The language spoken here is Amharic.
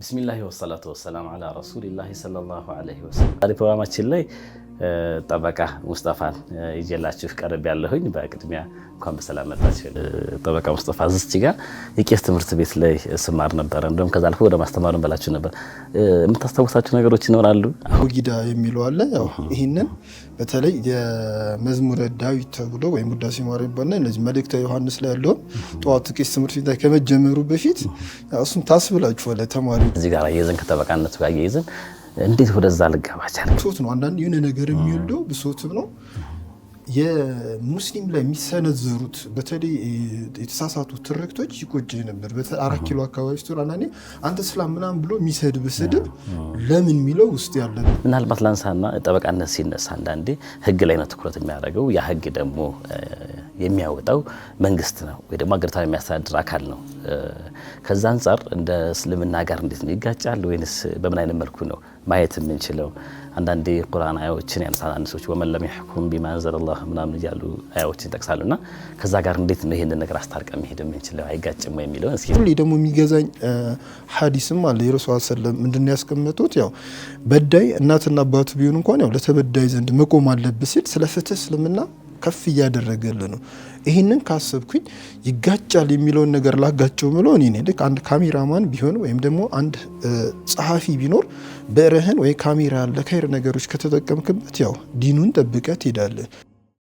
ቢስሚላህ ወሰላቱ ወሰላም አላ ረሱሊላሂ ሰለላሁ አለይሂ ወሰለም። ፕሮግራማችን ላይ ጠበቃ ሙስጠፋን ይዤላችሁ ቀረብ ያለሁኝ። በቅድሚያ እንኳን በሰላም መጣችሁ። ጠበቃ ሙስጠፋ ዝስች ጋር የቄስ ትምህርት ቤት ላይ ስማር ነበረ። እንደውም ከዛ አልፎ ወደ ማስተማሩን በላችሁ ነበር። የምታስታውሳችሁ ነገሮች ይኖራሉ? አቡጊዳ የሚለው አለ። ያው ይህንን በተለይ የመዝሙረ ዳዊት ተብሎ ወይም ውዳሴ ማርያም ይባልና እነዚህ መልእክተ ዮሐንስ ላይ ያለውን ጠዋት ቄስ ትምህርት ቤት ላይ ከመጀመሩ በፊት እሱም ታስብላችኋለህ ተማሪ እዚህ ጋር እየይዘን ከተበቃነቱ ጋር እየይዘን እንዴት ወደዛ ልገባቻል ቻለ ብሶት ነው። አንዳንድ የሆነ ነገር የሚወልደው ብሶትም ነው የሙስሊም ላይ የሚሰነዘሩት በተለይ የተሳሳቱ ትርክቶች ይቆጭ ነበር። አራት ኪሎ አካባቢ ስትሆን አንዳንዴ አንተ ስላም ምናምን ብሎ የሚሰድብ ስድብ ለምን የሚለው ውስጥ ያለ ምናልባት ላንሳና ጠበቃነት ሲነሳ አንዳንዴ ህግ ላይ ነው ትኩረት የሚያደርገው። ያ ህግ ደግሞ የሚያወጣው መንግስት ነው ወይ ደግሞ አገሪቷን የሚያስተዳድር አካል ነው። ከዛ አንጻር እንደ እስልምና ጋር እንዴት ነው ይጋጫል? ወይንስ በምን አይነት መልኩ ነው ማየት የምንችለው? አንዳንድ ቁርአን አያዎችን ያነሳል። አንድ ሰዎች ወመን ለም ያሕኩም ቢማ አንዘለላህ ምናምን እያሉ አያዎችን ይጠቅሳሉ። እና ከዛ ጋር እንዴት ነው ይህንን ነገር አስታርቀ መሄድ የምንችለው አይጋጭም ወይ የሚለው ሁሌ ደግሞ የሚገዛኝ ሀዲስም አለ። የረሱል ሰለም ምንድን ነው ያስቀመጡት? ያው በዳይ እናትና አባቱ ቢሆን እንኳን ያው ለተበዳይ ዘንድ መቆም አለብህ ሲል ስለ ፍትህ እስልምና ከፍ እያደረገል ነው። ይህንን ካሰብኩኝ ይጋጫል የሚለውን ነገር ላጋቸው ምለው እኔ ልክ አንድ ካሜራማን ቢሆን ወይም ደግሞ አንድ ጸሐፊ ቢኖር ብዕርህን ወይ ካሜራ ለኸይር ነገሮች ከተጠቀምክበት ያው ዲኑን ጠብቀ ትሄዳለን።